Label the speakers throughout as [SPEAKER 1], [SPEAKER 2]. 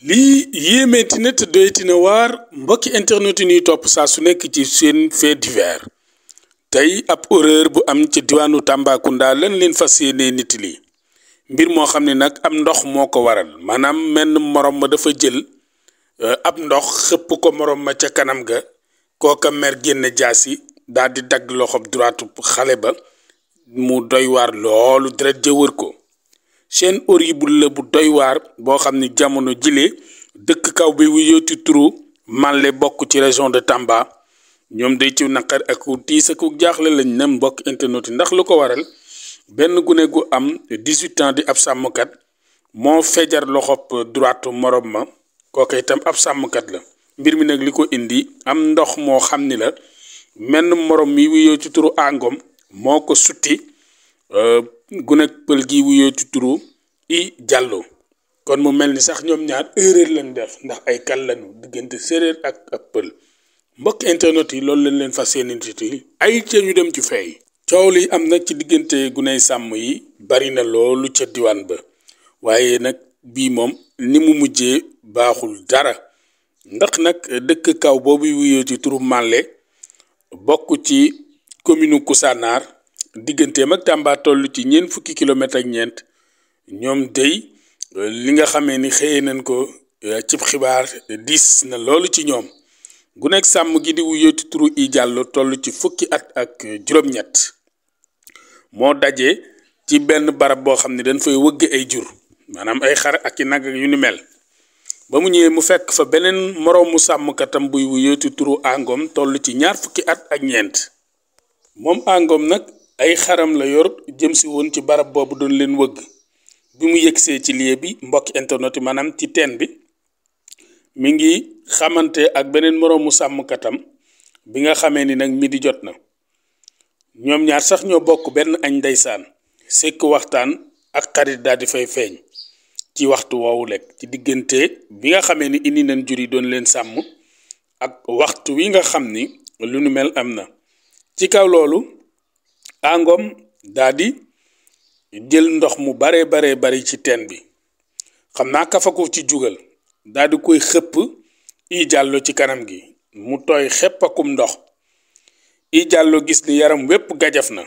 [SPEAKER 1] lii yéemeeti na te doyati na waar mbokki internet yi ñuy topp saa su nekk ci seen fait divers tey ab horreur bu am ci diwaanu Tambacounda lan leen fa yéenee nit li mbir moo xam ne nag ab ndox moo ko waral maanaam menn morom ma dafa jël euh, ab ndox xëpp ko morom ma ca kanam ga kooka mer génn jaasi daal di dagg loxob droite xale ba mu doy waar loolu deret ja wër ko chaîne horrible la bu doy boo xam ni jamono jile dëkk kaw bi wuyooti turu male bokk ci région de Tamba ñoom dey ci naqar ak ku tiis ak jaaxle lañ na mbokk internet yi ndax lu ko waral benn gune gu am 18 ans di ab sàmmkat moo feejar loxob droite morom ma kooku itam ab sàmmkat la mbir mi nag li ko indi am ndox moo xam ni la menn morom mi wuyoo ci turu àngoom moo ko sutti gunek euh, pël gi wuyoo ci turu i jàlloo kon mu mel ni sax ñoom ñaar erreur lañ def ndax ay kan lañu diggante séeréer ak ak pël mbokk internet yi loolu lañ leen fas yéene nit ay ca ñu dem ci feey coow li am na ci diggante guney sàmm yi bari na loolu ca diwaan ba waaye nag bii moom ni mu mujjee baaxul dara ndax nag dëkk kaw boobu wuyoo ci turu Màlle bokk ci commune Koussanar digganteem ak Tamba toll ci ñeent fukki kilomètre ak ñeent ñoom dey li nga xamee ni xëyee nañ ko euh, cib xibaar diis na loolu ci ñoom gu nekk sàmm gi di wuyoo ci turu i jàllo toll ci fukki at ak juróom-ñett moo daje ci benn barab boo xam ne dañ fay wëgg ay jur maanaam ay xar ak i nag yu ni mel ba mu ñëwee mu fekk fa beneen moroomu sàmmkatam buy wuyoo ci turu àngoom toll ci ñaar fukki at ak ñeent moom àngoom nag ay xaram la yor jëm si woon ci barab boobu doon leen wëgg bi mu yëgsee ci lieu bi mbokki internet yi maanaam ci teen bi mi ngi xamante ak beneen moroomu sàmmkatam bi nga xamee ni nag mi di jot na ñoom ñaar sax ñoo bokk benn añ ndeysaan sekk waxtaan ak xarit daal di fay feeñ ci waxtu woowu lekk ci diggante bi nga xamee ni indi nañ jur yi doon leen sàmm ak waxtu wi nga xam ni lu nu mel am na ci kaw loolu Angom daadi jël ndox mu bare baree bari ci teen bi xam naa kafa ci jugal daa di koy xëpp i jàllo ci kanam gi mu tooy xëppakum ndox i jàlloo gis ni yaram wépp gajaf na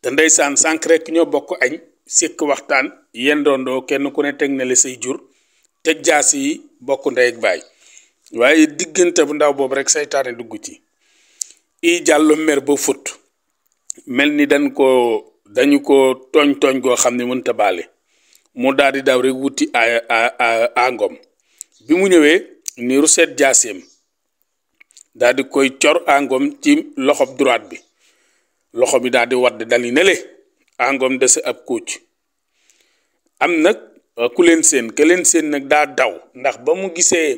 [SPEAKER 1] te ndeysaan sànq rekk ñoo bokk añ sikk waxtaan yendoondoo kenn ku ne teg say jur te jaas yi bokk ndey ak waaye diggante bu ndaw boobu rek seytaane dugg ci i jàllo mer ba fut mel ni dañ ko dañu ko tooñ tooñ goo xam ne mënta baale mu daal di daw rek wuti a ngom bi mu ñëwee ni ruset jaaseem daal di koy cor angom ci loxob droite bi loxo bi daal di wadd dali nele angom dese ab kuuc am nag ku leen seen ke leen seen nag daa daw ndax ba mu gisee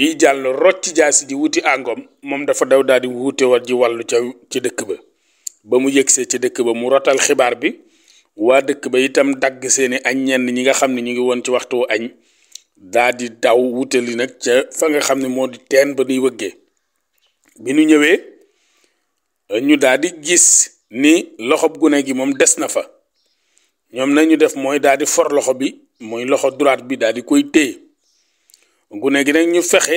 [SPEAKER 1] yi jàll rocc jaasi ji wuti angom moom dafa daw daal di wuute war ji wàllu ca ci dëkk ba ba mu yëgsee ca dëkk ba mu rotal xibaar bi waa dëkk ba itam dagg seeni añ ñenn ñi nga xam ne ñu ngi woon ci waxtu añ daa di daw wutali nag ca fa nga xam ne moo di teen ba nuy wëggee bi nu ñëwee ñu daal di gis ni loxo gune gi moom des na fa ñoom nañu def mooy daal di for loxo bi mooy loxo droite bi daal di koy téye gune gi nag ñu fexe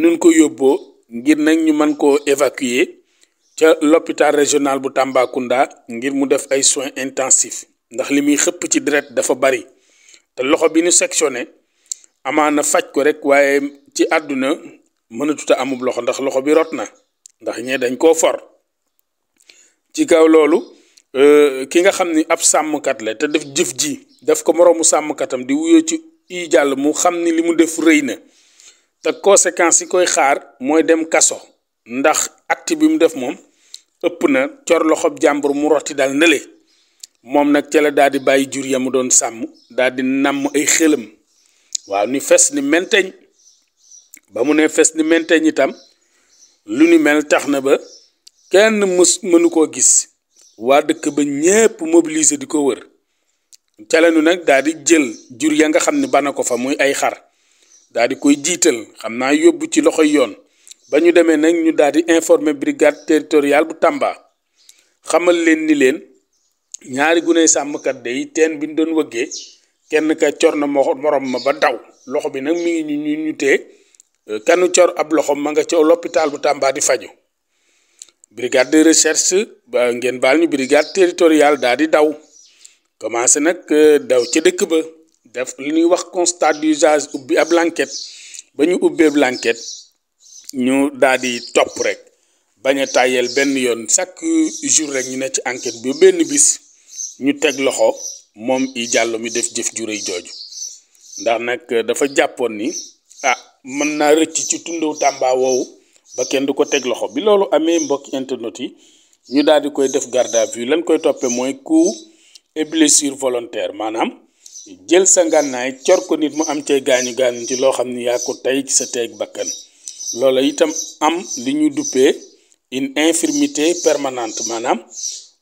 [SPEAKER 1] nun ko yóbboo ngir nag ñu mën koo évacuer ca l'hôpital régional bu Tambacounda ngir mu def ay soin intensifs ndax li muy xëpp ci deret dafa bari te loxo bi nu sectionné amaana faj ko rek waaye ci àdduna mënatuta amub loxo ndax loxo bi rot na ndax ñee dañ koo for ci kaw loolu euh, ki nga xam ni ab sàmmkat la te def jëf ji def ko moroomu sàmmkatam di wuyoo ci i jàll mu xam ni li mu def rëy na te conséquences yi koy xaar mooy dem kaso ndax acte bi mu def moom ëpp na cor loxob jàmbur mu rotti dal na le moom nag ca la daal di bàyyi jur ya mu doon sàmm daal di namm ay xëlam waaw ni fes ni menteñ ba mu ne fes ni menteñ itam lu ni mel tax na ba kenn mës mënu koo gis waa dëkk ba ñépp mobiliser di ko wër calanu nag daal di jël jur ya nga xam ne bana ko fa muy ay xar daal di koy jiital xam naa yóbbu ci loxo yoon ba ñu demee nag ñu daal di informer brigade territoriale bu Tamba xamal leen ni leen ñaari guney sàmmkat day teen bi ñu doon wëggee kenn ka cor na morom ma ba daw loxo bi nag mi ngi ñu ñu tee euh, kanu cor ab loxo ma nga ca l'hôpital bu Tamba di faju brigade de recherche ba ngeen baal ñu brigade territoriale daal di daw commencé nag euh, daw ca dëkk ba def li ñuy wax constat d'usage ubbi ab l'enquête ba ñu ubbee l'enquête ñu daal di topp rek bañ a tàyyeel benn yoon chaque jour rek ñu ne ci enquête bi benn bis ñu teg loxo moom i jàllo mi def jëf ju jooju ndax nag dafa jàppoon ni ah mën naa rëcc ci tundaw Tamba woowu ba kenn du ko teg loxo bi loolu amee mbokk internet yi ñu daal di koy def garde à vue lañ koy toppee mooy ku et blessure volontaire maanaam jël sa ngànnaay cor ko nit mu am cay gaañu gaañu ci loo xam ni yaa ko tey ci sa teeg bakkan loola itam am li ñu duppee une infirmité permanente maanaam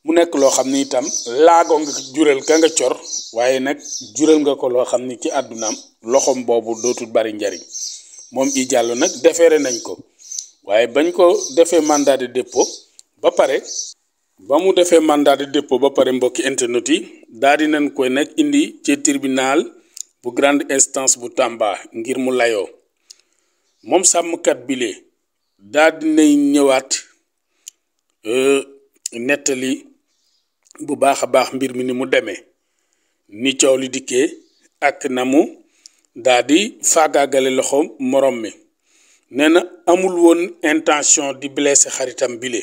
[SPEAKER 1] mu nekk loo xam ni itam laago nga jural ka nga cor waaye nag jural nga ko loo xam ne ci àddunaam loxoom boobu dootul bari njariñ moom i jàll nag defeere nañ ko waaye bañ ko defee mandat de dépôt ba pare ba mu defee mandat de dépôt ba pare mbokki internet yi daal di nañ koy nag indi ci tribunal bu grande instance bu Tamba ngir mu layoo moom sàmmkat bi lee daal dinay ñëwaat euh, nettali bu baax a baax mbir mi ni mu demee ni coow li dikkee ak na mu daal di faagaagale loxo morom mi nee na amul woon intention di blesser xaritam bile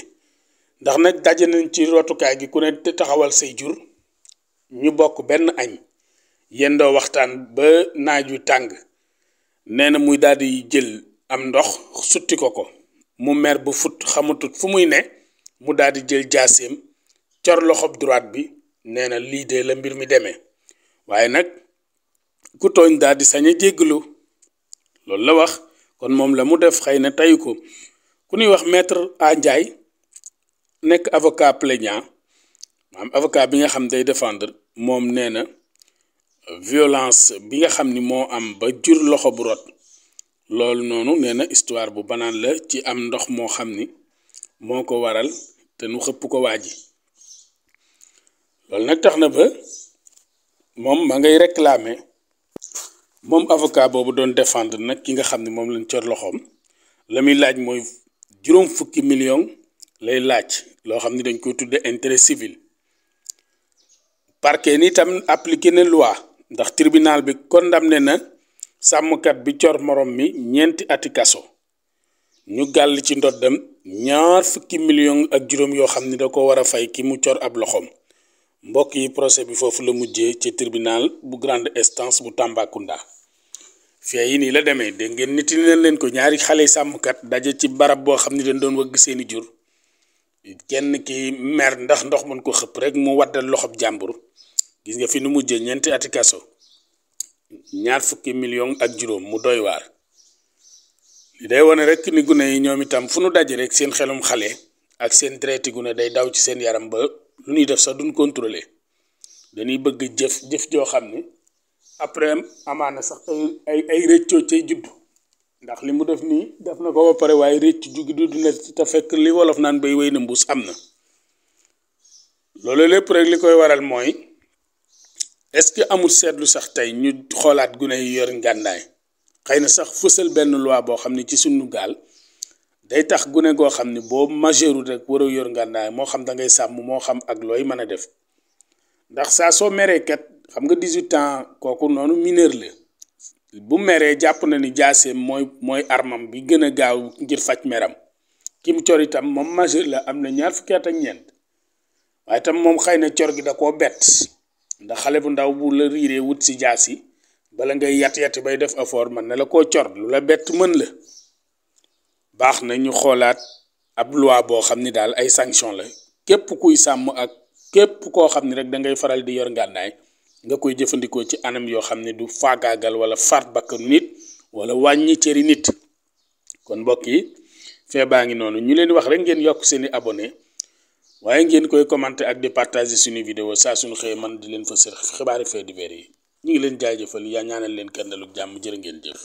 [SPEAKER 1] ndax na daje nañ ci rootukaay gi ku ne taxawal say jur ñu bokk benn añ yendoo waxtaan ba naaj wi tàng nee na muy daal di jël am ndox sutti ko ko mu mer bu fut xamatut fu muy ne mu daal di jël jaaseem cor loxob droite bi nee na lii la mbir mi demee waaye nag ku tooñ daal di sañ a jéggalu loolu la wax kon moom la mu def xëy na tayu ko ku ñuy wax maître A Ndiaye nekk avocat plaignant maanaam avocat bi nga xam day défendre moom nee na violence bi nga xam ni moo am ba jur loxo bu rot loolu noonu nee na histoire bu banaan la ci am ndox moo xam ni moo ko waral te nu xëpp ko waa ji loolu nag tax na ba moom ma ngay réclamer moom avocat boobu doon défendre nag ki nga xam ne moom lañ cër loxoom la muy laaj mooy juróom fukki million lay laaj loo xam ni dañ koy tudde intérêt civil parquet ni tam appliqué na loi ndax tribunal bi kon ne na sàmmkat bi cor morom mi ñeenti ati ñu gàll ci ndoddam ñaar fukki million ak juróom yoo xam ni da ko war a fay ki mu cor ab loxoom mbokk yi procès bi foofu la mujjee ci tribunal bu grande instance bu Tambacounda fee yi nii la demee dégg ngeen nit ñi leen ko ñaari xale sàmmkat daje ci barab boo xam ni dañ doon wëgg seeni jur kenn ki mer ndax ndox mën koo xëpp rek mu waddal loxoom jàmbur gis nga fi nu mujjee ñeenti ati ñaar fukki million ak juróom mu doy waar li day wane rek ni gune yi ñoom itam fu nu daje rek seen xelum xale ak seen traité gune day daw ci seen yaram ba lu ñuy def sax dun contrôlé dañuy bëgg jëf jëf joo xam ni après amaana sax ay ay rëccoo cay judd ndax li mu def nii def na ko ba pare waaye rëcc jugi du na te fekk li wolof naan bay wéy na mbuus am na loolu lépp rek li koy waral mooy est-ce que amul seetlu sax tey ñu xoolaat gune yi yor ngànnaay xëy na sax fësal benn loi boo xam ne ci suñu gaal day tax gune goo xam ne boo majeuru rek war yor ngànnaay moo xam da ngay sàmm moo xam ak looy mën a def ndax saa soo meree ket xam nga 18 ans kooku noonu mineur la bu meree jàpp na ni jaaseem mooy mooy armam bi gën a gaaw ngir faj meram ki mu cor itam moom majeur la am na ñaar fukki at ak ñeent waaye itam moom xëy na cor gi da koo bett. ndax xale bu ndaw bu la riiree wut si jaas yi bala ngay yat yati bay def effort mën na la koo cor lu la bett mën la baax na ñu xoolaat ab loi boo xam ni daal ay sanction la képp kuy sàmm ak képp koo xam ni rek dangay faral di yor ngànnaay nga koy jëfandikoo ci anam yoo xam ne du faagaagal wala faat bakkanu nit wala wàññi cëri nit kon mbokk yi fee baa ngi noonu ñu leen wax rek ngeen yokk seeni abonné waaye ngeen koy commenter ak départage partager suñu vidéo saa suñu xëyee man di leen fa sër xibaari faits divers yi ñu ngi leen jaajëfal yaa ñaanal leen kennalug jàmm jërë ngeen jëf